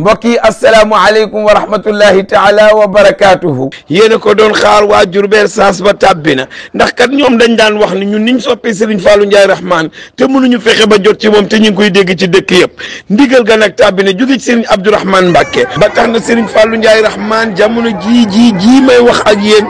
مبكي السلام عليكم ورحمة الله تعالى وبركاته يينا دون خال وا جوربير ساس با تابينا نيوم دنج دان واخ ني نين سوبي سيرن نجاي رحمان تي مونو فخي با جوت سي كوي ديغ سي دك ييب نديغال تابينا جوغي سيرن عبد الرحمن مباكي با تخنا سيرن نجاي رحمان جامونو جي جي جي ماي واخ اك يين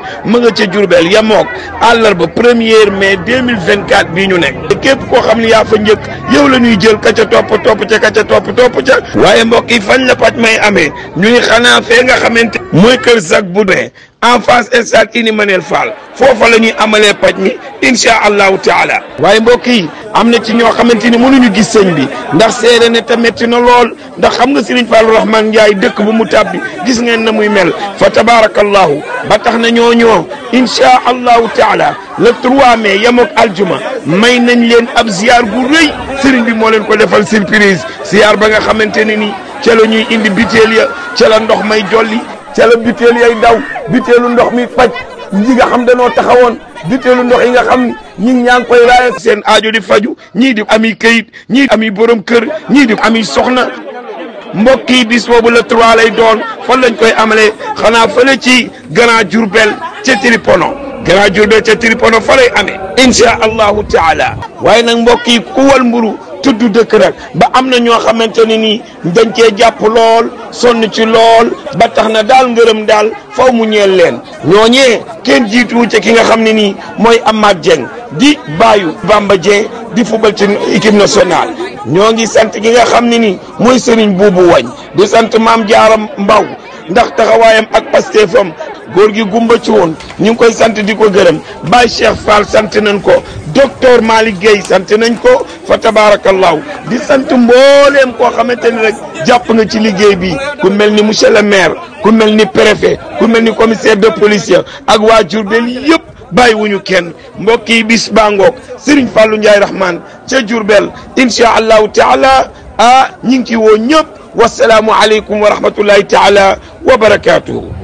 تي جوربير ياموك الله با 1 مي 2024 بي نيو كيب كو خامني يا فا نيوك يوا لا نوي جيل تي كاتيا توپ توپ تي واي مبكي فان département amé ñuy xana fe nga xamante moy keur zak Boudin en face stade Ely Manel Fall fofu la ñuy amalee paj mi incha allahu taala. waaye mbokk yi amna ci ño xamante ni ñu gis sëñ bi ndax séré ne te metti na lool ndax xam nga Serigne fall Rahman Ndiaye dëkk bu mu tàbbi gis ngeen na muy mel fa tabarakallah ba tax na ño ñoo taala le 3 mai yamok aljuma may nañ leen ab ziar gu reuy Serigne bi mo leen ko defal surprise ziar ba nga xamante ni. ca ñuy indi biteel ya ca ndox may jolli ca la biteel yay daw biteelu ndox mi faj ñi nga xam danoo taxawoon biteelu ndox yi nga xam ñi ñaa ngi koy raaye seen aajo di faju ñii di ami këyit ñii ami borom kër ñii di ami soxna mbokk yi bis boobu la trois lay doon fan lañ koy amalee xanaa fële ci Grand Diourbel ca Tripono Grand Diourbel ca Tripono fa lay amee incha allahu taala waaye nag mbokk yi ku wal mburu tudd dëkk nag ba am na ñoo xamante ne nii dañ cee jàpp lool sonn ci lool ba tax na daal ngërëm daal faw mu ñeel leen ñooñee kenn jiituwu ci ki nga xam ne nii mooy Amath Dieng di baayu Bamba di fubal ci équipe nationale ñoo ngi sant ki nga xam ni nii mooy Serigne Boubou wañ di sant maam jaaram Mbaw ndax taxawaayam ak pasteefam góor gi gumba ci woon ñu ngi koy sant di ko gërëm Baye Cheikh Fall sant nañ ko docteur Malick Guèye sant nañ ko fa tabaarakallaahu di sant mbooleem koo xamante ni rek jàpp nga ci liggéey bi ku mel ni monsieur le maire ku mel ni préfet ku mel ni commissaire de police ak waa jur Diourbel yëpp bàyyiwuñu kenn mbokk yi bis baa ngoog Serigne Fallou Ndiaye Rahman ca Diourbel incha allahu taala ah ñu ngi ciy woo ñëpp wasalaamu aleykum wa rahmatullahi taala wa barakaatuhu